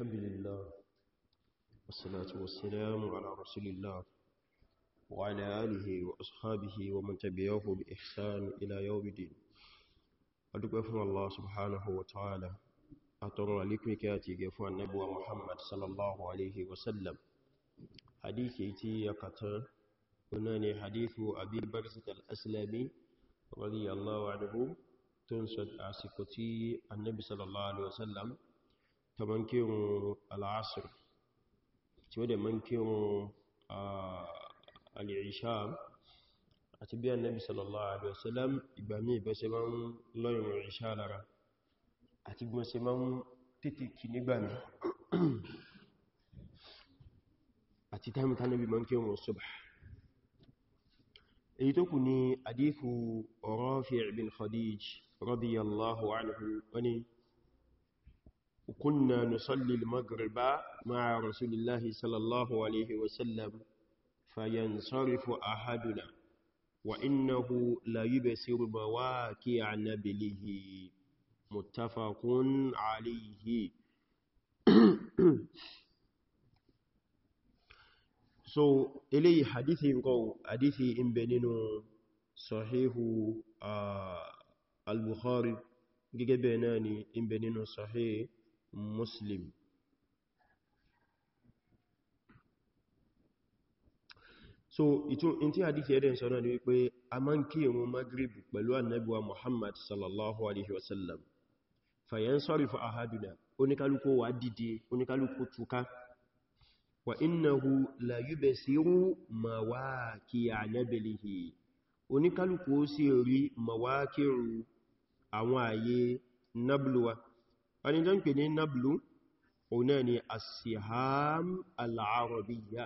الحمد لله والصلاة والسلام على رسول الله وعلى آله وأصحابه ومن تبعه بإحسان إلى يوم الدين أدوكم الله سبحانه وتعالى أترى لكم كاتي جفوان نبوة محمد صلى الله عليه وسلم حديثي تي يقتل هناني حديث أبي برزة الأسلامي رضي الله عنه تنسد عسكتي النبي صلى الله عليه وسلم tó ma ń kírun al'asir tí ó dẹ̀ ma ń kírun al'isha àti bí annabi sallallahu alaihi wasallam ìgbà mí ìbẹ́ ṣe ma ń lọ́yìn isha lára àti bí wọ́n ṣe ma ń tètè kì nígbà mí àti táìmù tánàbí ma ń èyí tó kù ni adífù Rafi' bin Khadij radiyallahu anhu wani وكنا نصلي المغرب مع رسول الله صلى الله عليه وسلم فينصرف أحدنا وإنه لا يبصر مواكع نبله متفق عليه so eléyìí hadithi nǹkan hadithi in bẹ nínú sahihu al-bukhari gẹ́gẹ́ bẹ́ẹ̀ náà ni in bẹ sahihu muslim so ìtún in tí hadith ẹ̀dẹ̀ sọ náà ni wípé a máa ń maghrib pẹ̀lú annabuwa muhammad sallallahu alaihi wasallam fayan sarifa ahaduna oníkálukú wá dìde oníkálukú túká wa innahu la yubesiru mawaqi'a nabilihi oníkálukú ó sì rí mawaqi'u àwọn nabluwa ani tó ń pè ní nablu ọ̀nà ni asiham al'arabiya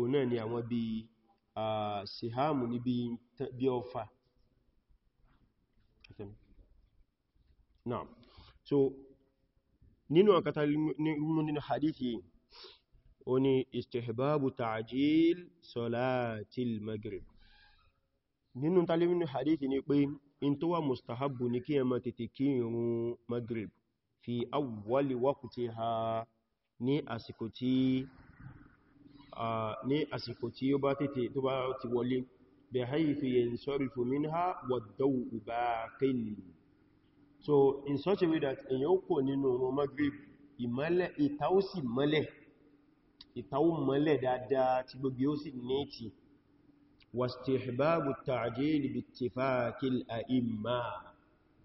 ọ̀nà ni àwọn bí asiham ní bí ọfà náà so nínú àkàtà nínú hadithi ó ní istihbabu ta'jil salatil maghrib nínú talimin hadithi ni pé in tó wà mustahabu ní kí ẹ ma tètè kí ìrun maghrib fi awwali waqtiha ní àsìkò tí ní àsìkò tí ó bá tètè tó bá ti wọlé bi haythu yansarifu minha wad-daw'u baqin so in such a way that èyàn ó kò nínú ọmọ Maghrib ìmọ́lẹ̀ ìtaó sì mọ́lẹ̀ ìtaó mọ́lẹ̀ dáadáa tí gbogbo ó sì nẹ́ẹ̀tì wastihbabu at-ta'jil bi ittifaqil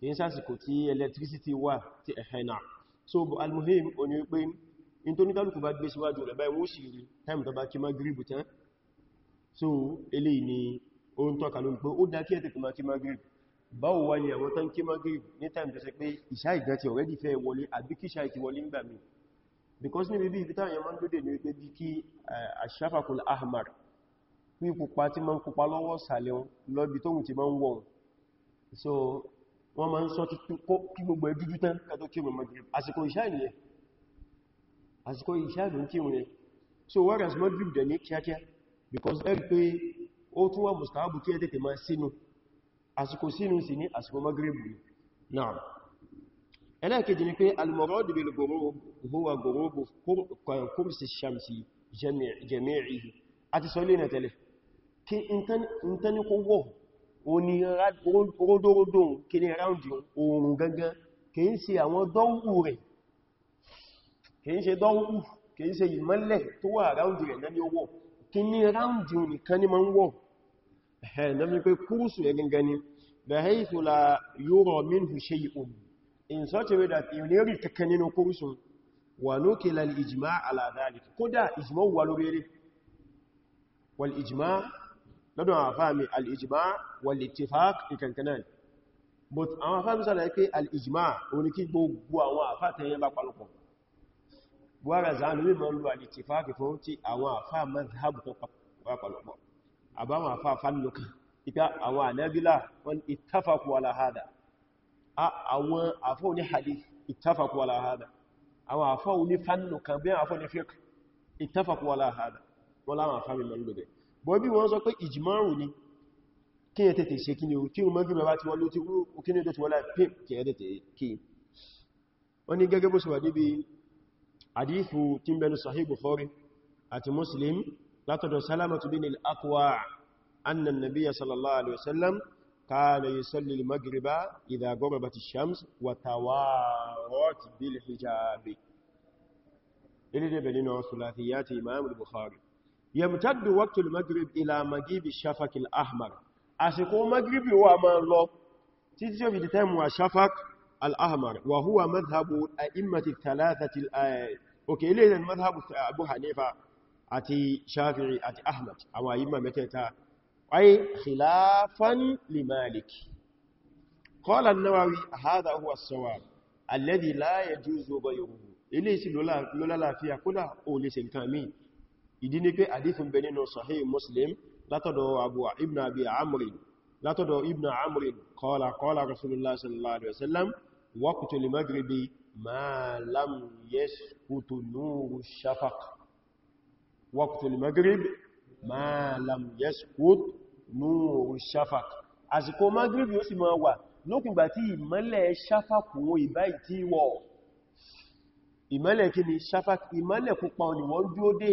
kìí sásìkò tí electricity wà tí ẹ̀hẹ̀nà so bu almuhim o ni wípé in tó ní kálùkù bá gbé síwájú rẹ̀ báyìí wọ́n sì rí time tó bá kí magribu tán so eléyìí ni ó ń tọ́ka lórí pé ó dá kí ẹ̀tẹ̀kù má kí magribu báwo wá ní àwọn tán kí magribu ní time tó sẹ pé ìṣá ìgbà ti already fẹ́ wọlé àbí kí ṣá because níbi bí ìfitá yẹn máa ń lóde ní wípé bí kí eh, ashafakul ahmar pí pupa tí máa ń pupa lọ́wọ́ sàlẹ̀ lọ́bi tóhun ti máa ń wọ̀n so wọ́n ma ń sọ kí gbogbo ẹ dúdú tán kàtó kírun magrib àsìkò ìṣá ìyẹn àsìkò ìṣá ìlú kírun yẹn so whereas magrib dẹ̀ ní kíákíá because ẹ rí pé ó tún wà mustahabu kí ẹ tètè máa sínú àsìkò sínú sí ní àsìkò magrib náà ẹlẹ́ẹ̀kejì ni pé al-murad bil ghurub huwa ghurub kursi shamsi oní ródóródó kìí ráùndì oòrùn gangan kìí ṣe àwọn dọ́wù rẹ̀ kìí ṣe dọ́wù kìí ṣe ìmọ́lẹ̀ tó wà ráùndì rẹ̀ náà ni ó wọ̀ kìí ráùndì nìkan ni ma ń wọ̀ ẹ̀ẹ́dẹ́mí pé kúrùsù ẹ̀ gangan ni bẹ̀hẹ́ìtò la yóò minhu shay'un in such a way wal ijma' lọ́dọ̀ àwọn afáàmì al'ijima wal-ittifaq ikankanan but àwọn afáàmì sára pé al'ijima oní kí gbogbo àwọn afáàtẹ̀yẹn bá palọ̀pọ̀ buhari zanu mímọ̀ lọ al'ittifaq fún tí àwọn afáà mazhabu tó palọ̀pọ̀ àbáwọn afáà fannuka ita àwọn anabila wọn ittafaku ala hada àwọn afọ́ ní hadith ittafaku ala hada àwọn afọ́ ní fannuka bí àwọn afọ́ ní fiqh ittafaku ala hada wọ́n láwọn afáàmì mọ̀ bọ́ bí wọ́n sọ pé ìjìmọ́rùn ni kí ẹ tètè ṣe kí ni o kí o mọ́gbìmọ̀ bá ti wọ́n ló ti wúrú kí ní ìdọ̀tí wọ́n láì pín kí ẹ tètè kí wọ́n ní gẹ́gẹ́ bó ṣe wà níbi àdífù tí ń bẹnu Sahih Bukhari àti Muslim látọ̀dọ̀ Salamatu bin al-Akwa anna nabiyya sallallahu alaihi wasallam kana yusalli يمتد وقت المغرب إلى مغيب الشفق الأحمر أسكو مغرب هو ما لو تيجي في تيم الشفق الأحمر وهو مذهب أئمة الثلاثة الآية أوكي ليه المذهب أبو حنيفة أتي شافعي أتي أحمد أو أئمة متتا أي خلافا لمالك قال النووي هذا هو الصواب الذي لا يجوز غيره ليس لولا لا فيها كلها أو ليس الكامل ìdí ni pé àdífin bẹ nínú sahih muslim látọ̀dọ̀ abu ibn abi amrin látọ̀dọ̀ ibn amrin qala qala rasulullah sallallahu alaihi wasallam waqtu al-maghribi ma lam yaskutu nuru shafaq waqtu al-maghrib ma lam yaskut nuru shafaq àsìkò maghrib yóò sì máa wà lókùngbà tí ìmọ́lẹ̀ shafaq wo ìbáyìí tí wọ̀ ìmọ́lẹ̀ kí ni shafaq ìmọ́lẹ̀ pupa ni wọ́n dúó dé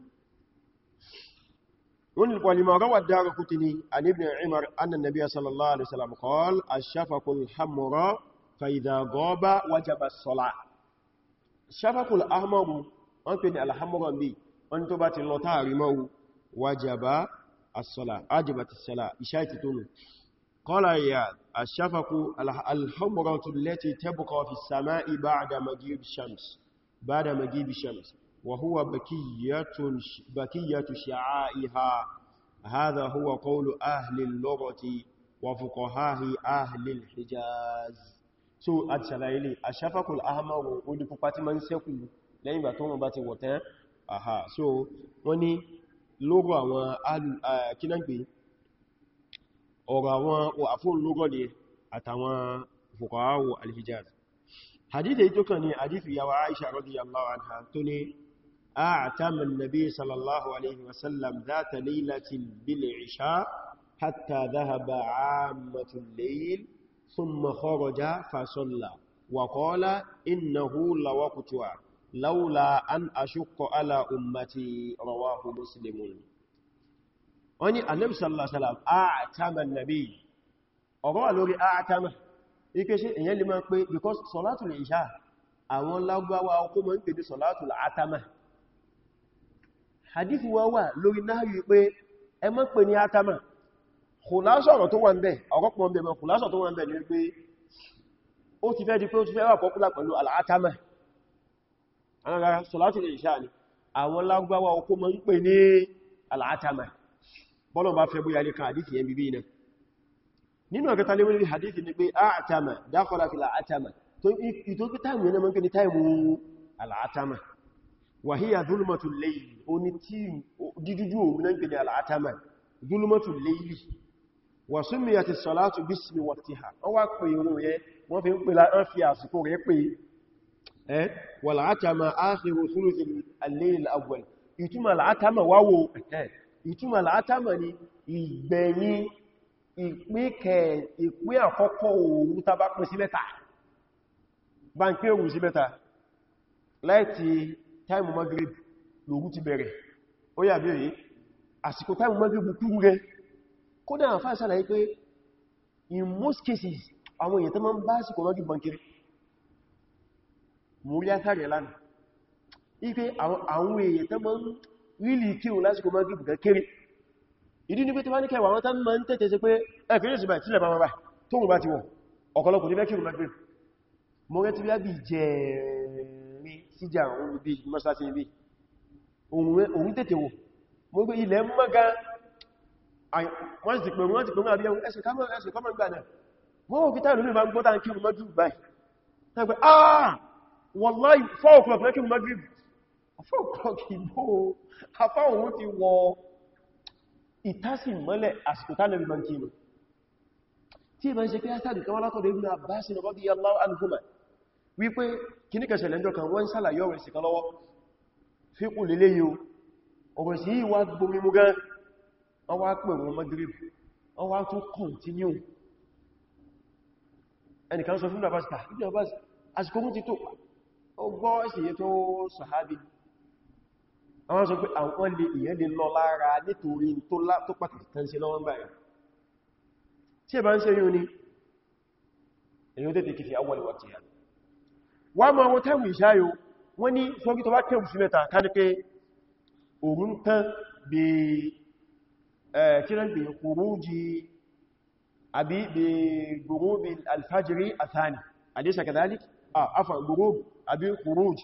ولما روى الدار قتني عن ابن عمر أن النبي صلى الله عليه وسلم قال الشفق الحمراء فإذا غاب وجب الصلاة الشفق الأحمر أنتني على حمراء بي أنتبات اللطار مو وجب الصلاة أجبت الصلاة إشايتي تونو قال يا الشفق الحمراء التي تبقى في السماء بعد مجيب الشمس بعد مجيب الشمس وهو بكية, بكية شعائها هذا هو قول أهل اللغة وفقهاه أهل الحجاز so àti ṣàlàyé lè aṣáfàkùn ahamaru ó ní pupa tí ma ń sẹ́kù lẹ́yìn ìgbà tó wọ́n bá ti wọ̀tán àhà so wọ́n ní lóòrò àwọn kínágbé ọ̀rọ̀ àwọn àfún lóòrò lè àtàwọn al-Hijaz hadith èyí tó kàn ní hadith ìyàwó Aisha أعتم النبي صلى الله عليه وسلم ذات ليلة بالعشاء حتى ذهب عامة الليل ثم خرج فصلى وقال إنه لوقتها لولا أن أشق على أمتي رواه مسلم أني النبي صلى الله عليه وسلم أعتم النبي أقول لوري أعتم ikese eyan le ma pe because salatul isha awon lagbawa o ko mo n pe ni salatul hadith wa wà lórí náàrí pé ẹ má pè ní atama kùlásọ̀rọ̀ tó wà ń bẹ̀ ọ̀rọ̀pọ̀ ń bẹ̀ mọ̀ kùlásọ̀ tó wà ń bẹ̀ ní pé ó ti fẹ́ di pé ó ti fẹ́ wà pọ́pùlà pẹ̀lú al'atama alára sọ̀látì lè ṣáà ni àwọn lágbàwà okó ma ń pè ní al'atama bọ́lọ̀ bá fẹ́ bóyá ní ka hadithi yẹn bíbí náà nínú ọ̀kẹta lé wọ́n hadithi ni pé a'atama dákọ̀lá fi al'atama tó ìtò pé táìmù yẹn mọ́ pé ní táìmù al'atama وهي ظلمة الليل ونتيم ديجوجو من نبي العتمة ظلمة الليل وسميت الصلاة باسم وقتها او اكو wọ́n fi ń pè láàrín fi àsìkò rẹ̀ pé ẹ́ wà láàtàmà áàkìrò sólùsì al-layl al-awwal ìtumà láàtàmà wáwò ẹ̀ ìtumà láàtàmà ni ìgbẹ̀yìn ìpín àkọ́kọ́ òru tàbá pín sí mẹ́ta bá láti táìmù magrib lòrú ti bẹ̀rẹ̀ ó yà bèèrè àsìkò táìmù magrib kúrú rẹ kódà àfáà sàlàyé pé in most cases àwọn èèyàn tó máa ń bá àsìkò magrib bankiri múrí átàrí lánàá ipé àwọn èèyàn tó máa ń rílì kíhù lásìkò magrib gan kéré ìdí ní pé tí wá ní kẹwàá àwọn tán máa ń tẹ́tẹ́ sí pé ẹ̀kẹ́rẹ́ sí báyìí tílẹ̀ bá wọ́n báyìí tóun magrib mọ́rẹ́ tí wá bí jẹ́ẹ̀rẹ̀ kíjà òun ibi mọ́sálásí ibi òun tètè wò mo gbé ilẹ̀ mọ́gá wọ́n ti pẹ̀rún wọ́n ti pẹ̀rún àbíyàn ẹsẹ̀ kámọ́ ẹsẹ̀ kámọ́ gbà náà wọ́n wọ́n kí táà lórí ma ń gbọ́ta kí o mọ́jú báyìí tàbí ah wallahi 4 o'clock lẹ́kí o mọ́jú 4 o'clock ìbò afá òun ti wọ ìtásì mọ́lẹ̀ àsìkò táà lórí ma ń kí wípé kíní kan ṣẹlẹ̀ ǹjọ́ kan wọ́n ṣàlàyé ọ̀rọ̀ ìsìn kan lọ́wọ́ fíkù lélé yìí ọ̀rọ̀ sí yíwa gbomi mú gan wọ́n wá pè wọn magrib wọ́n wá tún continue ẹnìkan sọ fún àbáṣà ah, ìdí àbáṣà àsìkò mú ti tó ọgbọ́ ìṣẹ̀yẹ tó sàhábì àwọn sọ pé àwọn lè ìyẹ́ lè lọ lára nítorí tó pàtàkì tán sí lọ́wọ́n báyìí tí ẹ bá ń ṣe yóò ní èyí ó tètè kìfì awọlẹ̀wà kìí wà máa wọ́n tẹ́mù ìṣáyò wọ́n ní sọ́gí tó bá tẹ́mù sí mẹ́ta ká ní pé òun tán bí kíran bí kòrójì àbí bí gòróbì alfajiri àtàni àdíṣà kàdálì àfà gòróbì àbí kòrójì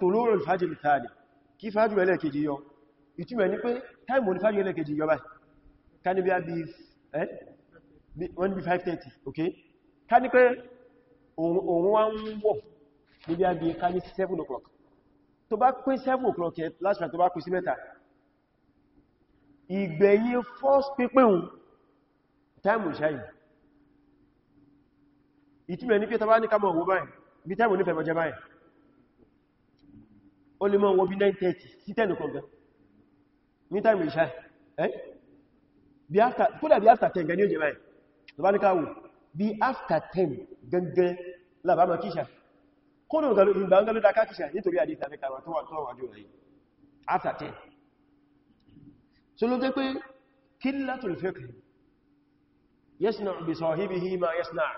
tòlórò alfajiri àtàni kí fájú ẹlẹ́kejì yọ ìtumẹ̀ ní pé tẹ́mù alfajiri ẹlẹ́kejì yọ báyìí ká ní bí 5:30 okay ká ní pé òun wá ń wọ̀ níbi àbí ká ní 7 o'clock tó bá pín 7 o'clock yẹn last night tó bá pín sí mẹ́ta ìgbẹ̀yìn first pípẹ́ òun time ìṣáyì ìtumẹ̀ ní pé tàbá ní kámọ̀ owó báyìí bí time onífẹ̀ mọ́jẹ báyìí ó lè mọ́ wọ́n bí 9:30 sí 10 o'clock ní time ìṣáyì eh? kódà bí after 10 gani ó jẹ báyìí tó bá ní káwò bí after 10 gangan labama kíṣà kódò ìgbàngán ló dáká kíṣà nítorí àdíta mẹ́ta wà tó wà tó wàjú rẹ̀ after 10 so ló jẹ́ pé killatul fiqh yasna'u bi sahibihi ma yasna'u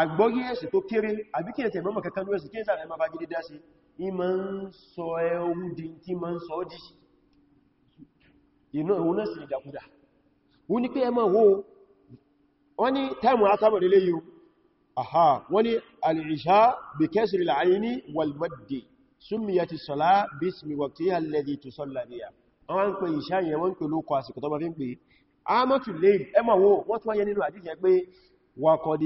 àgbọ́yé ẹ̀sì tó kéré àbí kí ẹ̀tẹ̀ mọ́mọ̀ kankan lóẹ̀sì kí ẹ̀sàrẹ̀ máa bá gidi dá sí ìmọ̀ ń wọ́n ní táìmù asábọ̀ nílé yíò aha wọ́n ní alìṣà bí kẹsìrì láàáyíní walmaddi summiyati sọ́lá bismi waqtiha alladhi tusalla biha wọ́n ń pè ìṣà yẹn wọ́n ń pè lókọ àsìkò tó bá fi ń pè ámọ́tù layl ẹmà wo wọ́n tún wáyé nínú àdíjẹ́ pé wa qad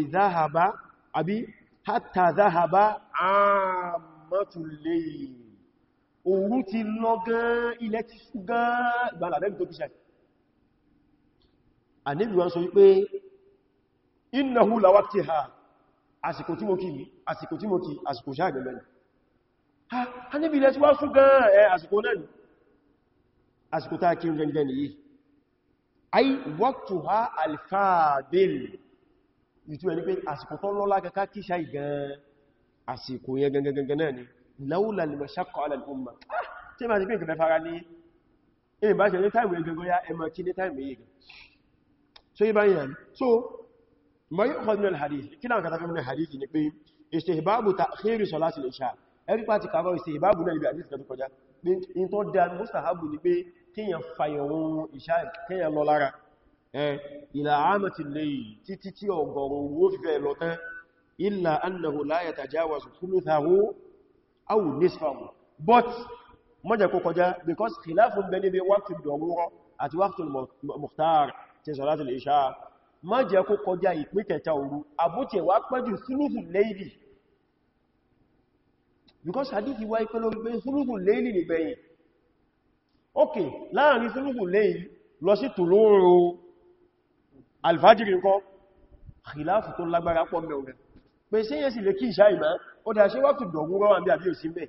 innahu lawaqtiha àsìkò tí mo kí àsìkò tí mo kí àsìkò ṣáà gẹ̀mẹ́ ni a níbi ilẹ̀ tí wá sún gan ẹ àsìkò náà ni àsìkò tá kí gẹ̀gẹ̀ nìyí ay waqtuha al-fadil ìtú ẹni pé àsìkò tó lọ́lá kẹka kí ṣáà gan àsìkò yẹn gẹ̀gẹ̀gẹ̀ náà ni lawla al-mashaqqa ala al-umma tí ma ti pín kẹfẹ́ fara ní ìbáṣẹ̀ ní táìmù ẹgbẹ̀gbẹ̀ ya ẹmọ kí ní táìmù yìí so yí báyìí so ma yu'khadh min al-hadith kí náà kàtàkì min al-hadith ni pé istihbabu ta'khiri salati al-isha ẹ̀rí pàtí kàbọ̀ istihbabu náà ibi àdísì kàtàkì kọjá pé in tó dá mustahabu ni pé kíyàn fàyẹ̀wọ̀n isha kíyàn lọ lára ila amati al-layl títí tí ọgọ́rùn owó fífẹ́ lọ tán illa but mọ́jẹ̀ kó because khilafun bẹ níbi waqtul darura àti waqtul mukhtar ti má jẹ́ kó kọjá ìpín kẹta òru àbútí ẹ̀wà pẹ́jù sulufu leili because hadithi wá ipẹ́ lórí pé sulufu leili ní gbẹ̀yìn ok láàrin sulufu leili lọ sí tòlóòrò alfajiri nǹkan khilafu tó lágbára pọ̀ mẹ́rin pé ṣe yẹ́ sì lè kí ìṣá ìmá ó dá ṣe wá tó dọ̀gún rọ́wà bí àbí òsì mẹ́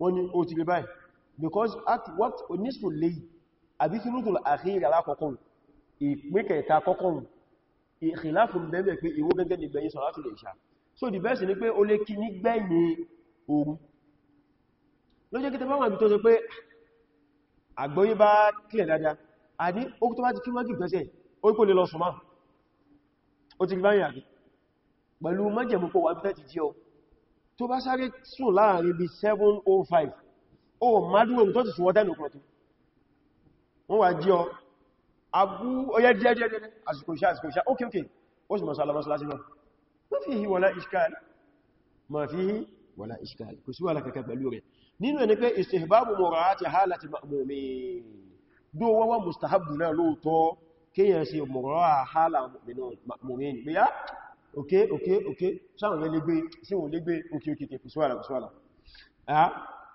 wọ́n ní ó ti rí báyìí because at what onísù lè àbí kí nútù àkíyà alákọ̀ọ́kùn ìpín kẹta kọ́kùn ìkìláfún bẹ́ẹ̀ pé ìwó gẹ́gẹ́ ní gbẹ̀yìn sọ̀rọ̀tù lè ṣà so the best ni pé ó lè kí ní gbẹ̀yìn òru ló jẹ́ kí tẹbá wọn àbí tó ṣe pé àgbọ́yé bá kílẹ̀ dáadáa àní ó tó bá ti kí mọ́gì gbẹ́sẹ̀ ó kò lè lọ sùn máa ó ti rí báyìí àbí pẹ̀lú mọ́jẹ̀mú pọ̀ wà bí tẹ́ ti tó bá sáré sùn láàrin bí 705 o mádúrò tó ti ṣùwọ́dá ní ọkùnrin wọ́n wà jí ọ agbú ọyẹ́ díẹ̀ díẹ̀ díẹ̀ àsìkò iṣẹ́ àsìkò iṣẹ́ ókè ókè ó sì mọ̀sá alamọ́sílásí náà ma fihi wala ishkal ma fihi wala ishkal kò sí wàlá kàkà pẹ̀lú rẹ̀ nínú ẹni pé istihbabu mura'ati halati ma'mumin dó wọ́wọ́ ok ok ok sáwọn yẹn lè gbé sí wọn lè gbé ok ok ok fòsíwàlá fòsíwàlá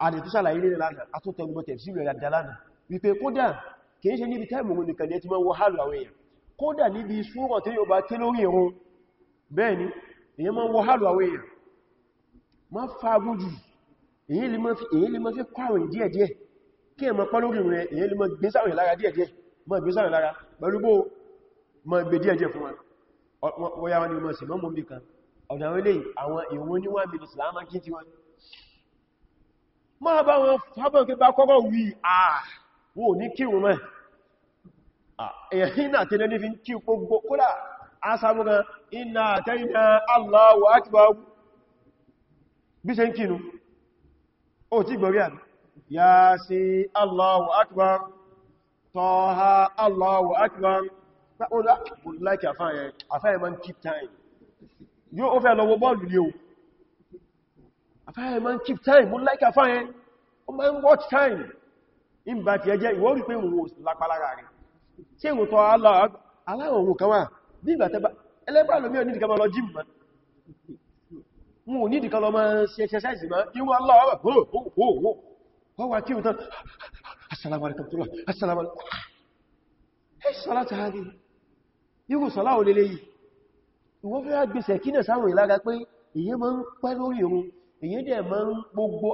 àdè tó sàlàyé nílẹ̀ láàrín àtúntẹ̀ gbọ́tẹ̀ sí rẹ̀ àdàlánà wípé kódà kìí ṣe níbi táìmù òun nìkan ní ẹti máa wọ hálù àwọn èèyàn kódà níbi súrọ̀ tí yóò bá ké lórí ìrun bẹ́ẹ̀ ni èyàn máa wọ hálù àwọn èèyàn má fagún jù èyí lè máa fi kọrùn díẹ̀díẹ̀ kí ẹ máa pọ́ lórí ìrun èyí lè máa gbé sáwọn lára díẹ̀díẹ̀ máa gbé sáwọn lára pẹ̀lú bó máa gbé díẹ̀díẹ̀ fún wọn ya wọn ni wọ́n sì mọ́mù bí kan ọ̀dà wọ́n lè àwọn ìwọ́n ní wọ́n bụ islam kí tí wọ́n máa bá wọn fábọ̀n kí bá kọ́kọ́ wí àwọ̀ ní kírùn mẹ́ ẹ̀yìn àti lẹ́ní fi ń kí gbogbo kódà asámúgan iná àtẹ́yìnà Allahu ọ̀dá kò láìkì àfáàyẹ àfáàyẹ ma ń keep time yóò ó fẹ́ lọ wo bọ́ọ̀lù ní o àfáàyẹ ma ń keep time mú láìkì àfáàyẹ ó ma ń watch time in bá ti ẹjẹ́ ìwọ́n rí pé òun lápalára rẹ̀ tí èmù tọ́ aláwọ̀ òun kan wà bí ìgbà tẹ́bà ẹlẹ́bà lómi òní ìdíkan lọ jíìmù mọ́ òun ní ìdíkan lọ máa ṣe ẹṣẹ́ṣẹ́ṣì máa ìwọ aláwọ̀ wọ́n wà kí òun tán assalamu alaikum tó lọ assalamu alaikum ẹ̀ṣọ́lá ti ha rí irú sọ́lá ò lélé yìí ìwọ́n fẹ́ gbèsẹ̀ kí náà sáwọn ìlága pé èyí máa ń pẹ́ lórí òun èyí dẹ̀ máa ń gbogbo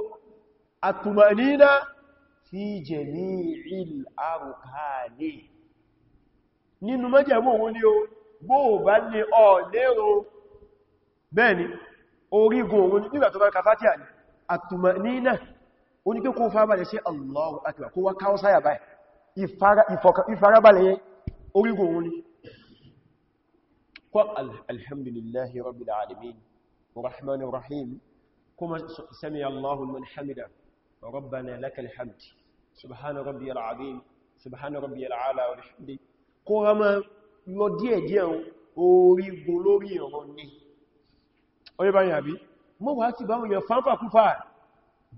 àtùmànínà fi jẹ̀mí il àrùkàní nínú mẹ́jẹ̀mú òun ni o bó ò bá ní ọ lérò bẹ́ẹ̀ni orígun òun nígbà tó bá kàfátíà ìfarabalẹ̀ orígun òun ni قل الحمد لله رب العالمين الرحمن الرحيم كما سمع الله من حمده ربنا لك الحمد سبحان ربي العظيم سبحان ربي العالى والحمد كما lọ díẹ̀ díẹ̀ orígun lórí ọ̀rọ̀ ní ọ̀rẹ́ báyìí àbí mọ́ wá sí báwọn èèyàn fánfà kúfà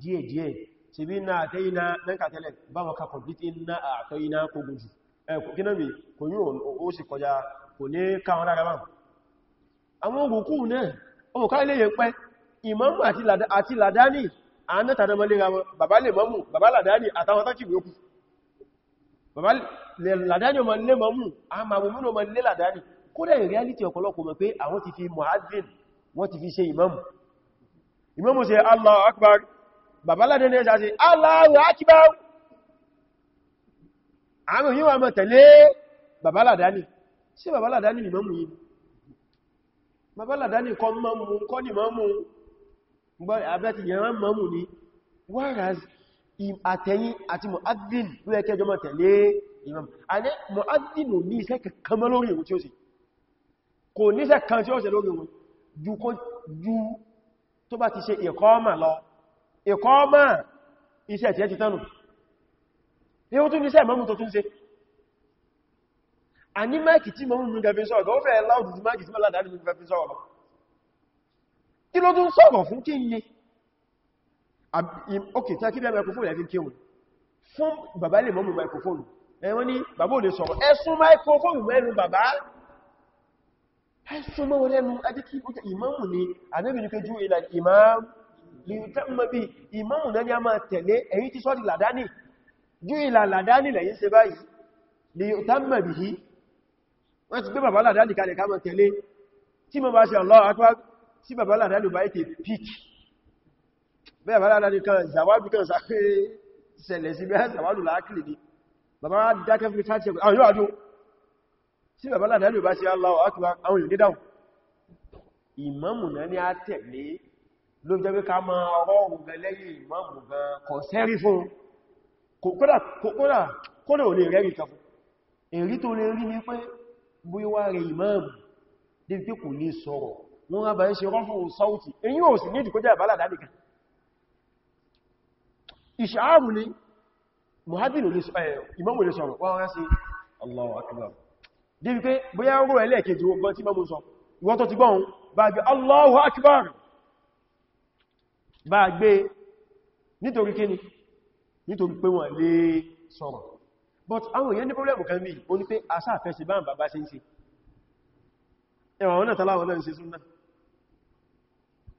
díẹ̀ díẹ̀ tí bí náà àtẹ́yìnà lẹ́nkà tẹ́lẹ̀ báwọn kakọ̀ bí tí náà àtẹ́yìnà kó gùn jù ẹ̀kùn kí náà mi kò yíò ó sì kọjá kò ní káwọn lára máa àwọn ògùnkú náà ọmọ ká ilé yẹn pẹ́ ìmámù àti làdáni àánátàdọmọlẹ́ra wọn bàbá lè mọ́mù bàbá làdáni àtàwọn tákì yókù bàbá làdáni ọmọ lè mọ́mù àmàmùmùn ọmọ lè làdáni kódà in reality ọ̀pọ̀lọpọ̀ mọ̀ pé àwọn ti fi mu'adhdhin wọ́n ti fi ṣe ìmámù ìmámù ṣe Allahu Akbar bàbá làdáni ẹja ṣe Allahu Akbar àwọn yíwa mọ̀ tẹ̀lé bàbá làdáni sí bàbá làdáni ni mọ́mù yìí bàbá làdáni kọ́ mọ́mù kọ́ ni mọ́mù gbọ́ àbẹ́tì yẹran mọ́mù ni whereas àtẹ̀yìn àti mu'adhin ló yẹ kẹjọ tẹ̀lé imam àní mu'adhin ò ní iṣẹ́ kankan mọ́ lórí ìwọ̀n tí ó sì kò ní iṣẹ́ kan tí ó ṣe lórí ìwọ̀n ju tó bá ti a ní máìkì tí mọ́ mú gẹ̀fẹ́ sọ̀rọ̀ gọ́ fẹ́ láòdù tí máìkì tí mọ́ ládàá nínú gẹ̀fẹ́ sọ̀rọ̀ lọ kí ló tún sọ̀rọ̀ fún kí ní ok tí a kí bẹ́ microphone ẹ̀fí kí wọn fún bàbá lè mọ́mù microphone ẹ̀wọ́n ní bàbá ò lè sọ̀rọ̀ ẹ̀sùn microphone mẹ́nu bàbá ẹ̀sùn mọ́ lẹ́nu adékí ìmámù ni àdébìnrin kẹjú ìlà ìmáàmù lè tẹ́mọ̀ bí ìmámù náà ni a máa tẹ̀lé ẹ̀yìn tí sọ́dì làdáni ju ìlà làdáni lẹ́yìn ṣe báyìí lè tẹ́mọ̀ bí wọ́n ti gbé bàbá làdáàlì kalẹ̀ ká mọ̀ tẹ̀lé tí mo bá ṣe Allah akbar tí bàbá làdáàlì bá ètè pík bẹ́ẹ̀ bàbá làdáàlì kan zàwádù kan sàfẹ́ sẹ̀lẹ̀ sí bẹ́ẹ̀ zàwádù láàkìlì kódà kódà kódà ò lè rẹ́rì kan fún èrí tó lè rí ní pé bóyíwá rẹ̀ ìmáàmù dé pé kò ní sọ̀rọ̀ wọ́n rábà ń ṣe rọ́fún sáútì èyí ò sì ní ìdíkójá ìbálàdá nìkan ìṣàárù ni mohamed ìmáàmù lè sọ̀rọ̀ wọ́n rá sí Allahu akbar dé pé bóyá rú ẹlẹ́ẹ̀kejì ogun tí mọ́mù sọ ìwọ́n tó ti gbọ́n bá gbé Allahu akbar bá gbé nítorí kíni nítorí pé wọ́n lè sọ̀rọ̀ but àwọn èèyàn ní problem kan bí o asa pé àṣà ba bá ń bàbá ṣe ń ṣe ẹwà wọn náà tàlá wọn náà ń ṣe súnnà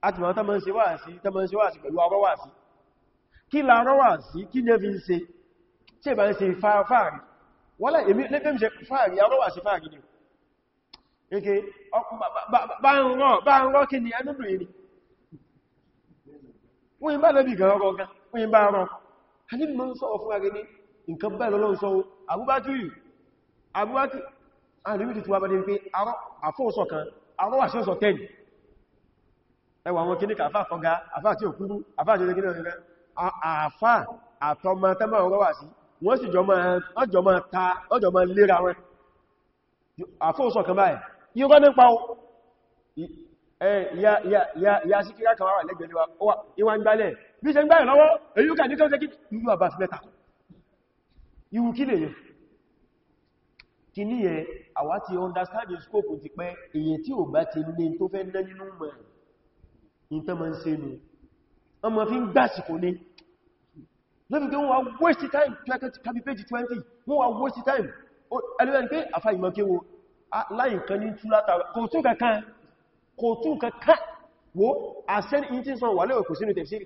àti màá tàbí ṣe wáàsí tàbí ṣe wáàsí pẹ̀lú arọ́ wáàsí kí la arọ́ wáàsí kí ní ẹbí ń ṣe tí ìbá ń ṣe fáàrí wọ́lá èmi lẹ́gbẹ̀m ṣe fáàrí arọ́ wáàsí fáàrí ni ike bá ń rọ́ bá ń rọ́ kí ni ẹnúdùn ìrìn wọ́n yí bá lẹ́bì gan rọ́ gan wọ́n yí bá rọ́ nǹkan báyìí lọ́lọ́run sọ abúbákìrì abúbákìrì àríwìtì tí wà bá dé pé àfóòsọ̀ kan arọ́ àṣẹ́sọ̀ tẹ́lì ẹwà àwọn kìníkà àfá àfọ́gá àfá àti òkúrú àfá àti òkúrú àfá àtọmọ tẹ́mọ̀ ọ̀rọ̀ wà sí wọ́n sì jọ máa ta ọjọ́ máa lera wọn àfóòsọ̀ kan báyìí irọ́ nípa ya síkírá kan wà lẹ́gbẹ̀ẹ́ ìwù kí lè yẹ kí ní yẹ àwa ti understanding scope ti pẹ́ èyẹ tí ò bá ti ní tó fẹ́ ná nínú mọ̀ ní tán ma ń se nù ọmọ fi ń gbásìkò ní lọ́fí pé wọ́n wá waste time kàbí page 20 wọ́n wá waste time ẹlẹ́rìn pé àfà ìmọ̀kéwo láì kan ní túlátà kò tún kankan kò tún kankan wo àṣẹ́ ní tí sọ wà lẹ́wọ̀ kò sínú tẹ̀fsírì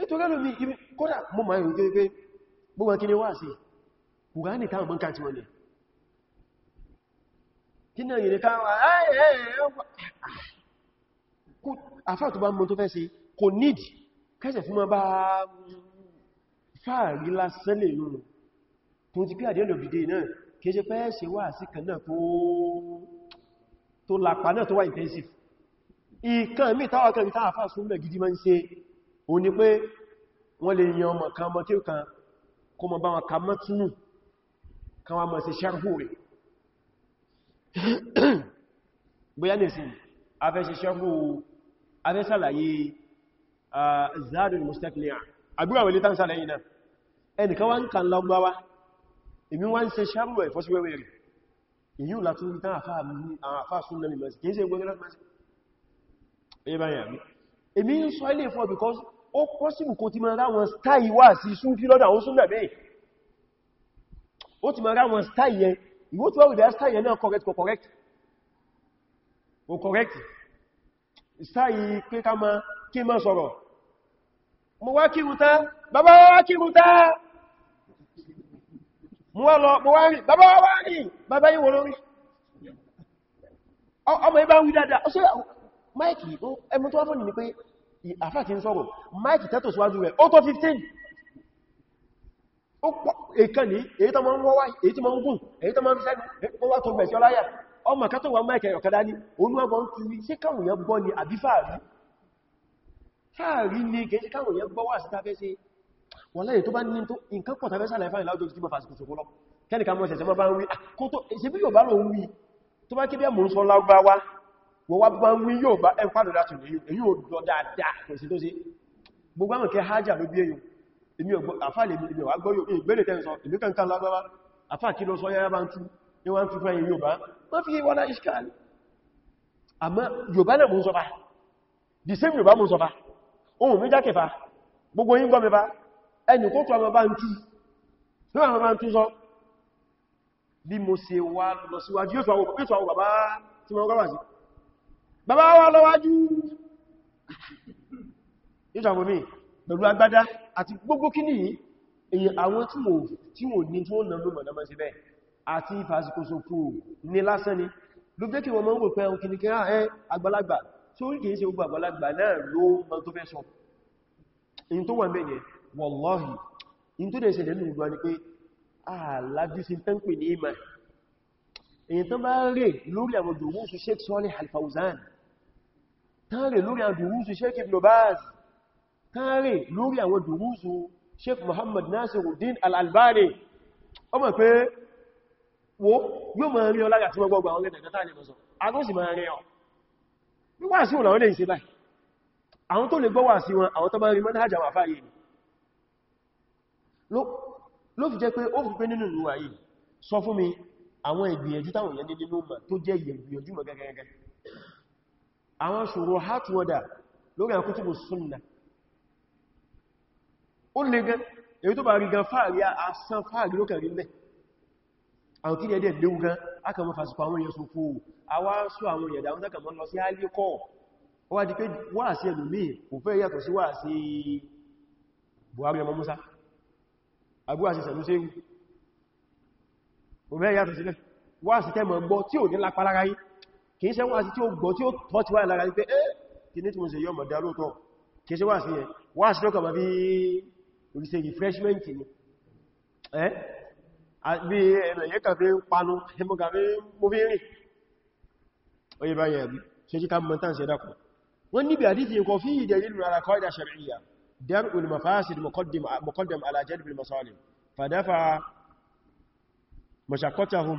nítorí ẹlòmí ibi kódà mọ́ máa ìrùn pé gbogbo kí ni wá sí kùránì táwọn mọ́ká tí wọ́n lè kí náà yìí káwà àfáà tó bá mọ́ tó fẹ́ sí kò nídì kẹsẹ̀ fún ma bá fààrí lásẹ́lẹ̀ lónà tó ti pé àdẹ́lò bìdé náà kìí ṣe pẹ́ ṣe wá sí kan náà tó lápá náà tó wá intensive ìkan mí táwà kan ìtàwà fà súnmẹ̀ gidi máa ń ṣe ó ní pé wọ́n lè yan ọmọ kan mọ́ kí ó kan kó mọ bá wọn ka mọ́ túnú kan wá mọ́ sí ṣarhù rẹ̀ bóyá nìsìn afẹ́ sí ṣarhù afẹ́ sàlàyé Zadul Mustaqni' àbúrà wẹ̀lẹ́ tán sàlàyé náà ẹnìkan wá ń kan lọ́gbáwá èmi wá ń ṣe ṣarhù ẹ̀ fọ́síwẹ́wẹ́ rẹ̀ èyí ò látún rí tán àfáà súnlẹ̀ because ó pọ́sìbù kò ti máa ráwọn stáì wà sí súnfí lọ́dà ó súnnà bẹ́ẹ̀ ó ti máa ráwọn stáì yẹn ìwó tí wọ́n wùdá stáì yẹn náà correct kò correct kò correct stáì pé ká máa kí máa sọ̀rọ̀ mo wá kírúta bàbá wá kírúta mo wá lọ mo wá rí bàbá wá rí bàbá yíwọ lórí ọmọ ibá wí dáadáa ó sí máìkì ẹmọ tó wá fún ní pé àfá tí ń sọ̀rọ̀ mike tẹ́tò síwájú rẹ̀ ó 15 ó pọ̀ èkàn ní èyí tó máa ń wọ́wá èyí tó máa ń gùn èyí tó máa ń sẹ́nu wọ́wá tó gbẹ̀ẹ́sì ọláyà ọmọ kẹtọ̀ wà mike ọ̀kadà ní olúwọ́gbọ́n ti rí sí káwọn yẹn gbọ́ ni àbí fàárí fàárí ni kèsí káwọn yẹn gbọ́ wà sí tafẹ́ sí wọ́n lẹ́yìn tó bá ní tó nǹkan pọ̀ tafẹ́ sàlẹ̀ fáìn láwùjọ tí mo fàsìkò sòkó lọ kẹ́nìkan mọ́ sẹ̀sẹ̀ mọ́ bá ń wí àkótó ìsẹ́bí yóò bá lò ń wí tó bá lágbàwá wọ́n wá bá ń wí yóò bá ẹn pàdé láti lè èyí ò lọ dáadáa kò sí tó sí gbogbo àwọn kẹ hajjá ló bí èyàn èmi ọgbọ́ àfáà lè bí wà gbọ́ yóò ìgbẹ́lẹ̀ tẹ́ sọ ìlú kankan lágbára àfáà kí lọ sọ yára bá ń tú ní wọ́n ń fi fẹ́yìn yóò bá wọ́n fi wọ́n láì ṣkà ní àmọ́ Yorùbá náà bàbá wa lọ́wájú ìjọba mi pẹ̀lú agbádá àti gbogbo kí ní èyí àwọn tí wò ní tí wọ́n nà ló mọ̀lọ́mọ̀ sí bẹ́ẹ̀ àti ìfàsíkòsòkò ní lásán ni ló jẹ́ kí wọ́n mọ́ wò pé òkìní kí á ah, ẹ́ àgbàlagbà tí ó kìí ṣe gbogbo àgbàlagbà náà ló mọ́ tó fẹ́ sọ in tó wà mẹ́yẹ wallahi in tó dẹ̀ ṣẹlẹ̀ ní ìgbà ni pé àlájú sí tán pè ní ìmà èyí tán bá rè lórí àwọn jòwó su Sheikh Salih Al tánrè lórí àwọn dùrúsù sheik ibn baz tánrè lórí àwọn dùrúsù sheik Mohamed nasiruddin al-albani ó mọ̀ pé wo yóò máa rí ọlára tí gbogbo àwọn lẹ́dẹ̀ tátà lè mọ̀ sọ agbó sì máa rí ọ wíwá sí òun àwọn lè ṣe báyìí àwọn tó lè gbọ́wà sí wọn àwọn tó bá rí manhaj àwọn àfáà yìí ló fi jẹ́ pé ó fi pé nínú ìlú wà yìí sọ fún mi àwọn ìgbìyànjú táwọn yẹn nínú mà tó jẹ́ ìgbìyànjú mọ̀ gẹ́gẹ́gẹ́ àwọn ṣòro hátwọ́dà lórí àwọn kútùbù súnnà ó lè gan èyí tó bá rí gan fàárí asán fàárí ló kàrí mẹ́ àwọn kí ní ẹdẹ̀ léwu gan aka mọ́ fàṣípa àwọn èèyàn sófò àwa sọ àwọn èèyàn dáwọn tàkà mọ́ lọ sí alíkọ́ ó wá di pé wáàsí sí wáàsí kò fẹ́ yàtọ̀ sílẹ̀ wáàsí tẹ́mọ̀ gbọ́ kìí ṣe wáàsí tí ó gbọ́ tí ó tọ́ ti wáyé lára wípé ẹ́ kì ní tí mo yọ mọ̀dá lóòtọ́ kìí ṣe wáàsí yẹn wáàsí lọ́kà ma bí oríṣẹ́ refreshment ni ẹ́ eh? bí ẹ̀yẹ́ kàfí ń panu ẹmọ́gàfí mo fi rìn oye bá yẹ̀ bí ṣe jíká mọ́tán ṣe dákùn wọ́n níbi àdífi nǹkan fi ìdẹ̀ nílùú ara kọ́ìdà ṣàríyà dar ulmafasid muqaddam ala jalb al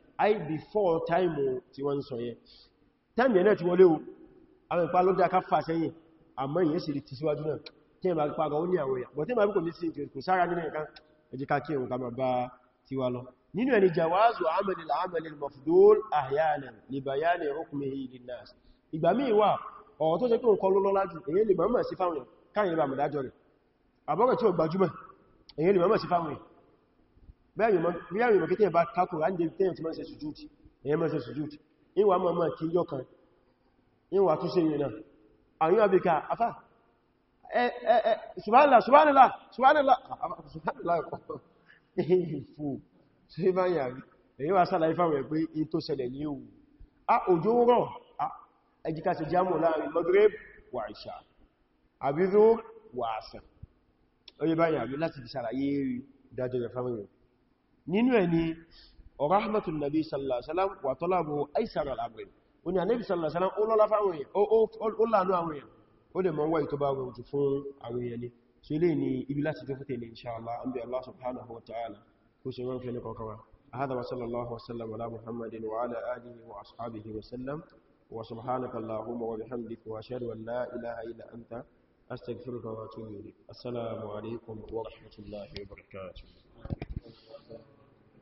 i before time tí wọ́n sọ yẹn time yẹn náà ti wọlé o àwọn ìpa lọ́dá ká fà sẹ́yìn àmọ́ ìyẹn sì rí ti síwájú náà tí ẹ ma rí pàgọ́ ní àwọn èèyàn bọ̀tí ma rí kò ní sí kò sára nínú ẹ̀kan ẹjẹ́ ká kí ẹ̀rùn ká ma bá ti wa. lọ nínú ẹni jawazu amali al-amali al-mafdul ahyanan li bayani hukmihi lin-nas ìgbà míì wà ọ̀rọ̀ tó ṣe pé nǹkan ló lọ́lá jù èyí lè mọ̀mọ̀ sí fáwọn káyìn bá mọ̀dájọ́ rẹ̀ àbọ́rọ̀ tí ó gbajúmọ̀ èyí lè mọ̀mọ̀ sí fáwọn bíyàwó kí tẹ́yìn bá kákùrù án david tẹ́yìn tí mọ́ ṣe sùjúdì èyàn mọ́ ṣe sùjúdì ìwà mọ́mọ́ kí yọ kan ìwà tó ṣe ìrìnà àwọn yóò àbíká afá subhanallah subhanallah subhanallah subhanallah ẹ̀kọ́ oye báyìí àbí láti fi ṣàlàyé ìdájọ́ ìfàmìyàn nínú ẹni rahmatul nabi sallallahu alaihi wasallam wa talabu aysar al-amr ó ní ànábì sallallahu alaihi wasallam ó lọ́lá fáwọn èèyàn ó lànà àwọn èèyàn ó dẹ̀ mọ́ wá ìtọ́ bá wọn jù fún àwọn èèyàn ni so ilé ni ibi láti tó هذا وصلى الله وسلم على محمد وعلى آله وأصحابه وسلم وسبحانك اللهم وبحمدك وأشهد أن لا إله أنت أستغفرك وأتوب إليك السلام عليكم ورحمة الله وبركاته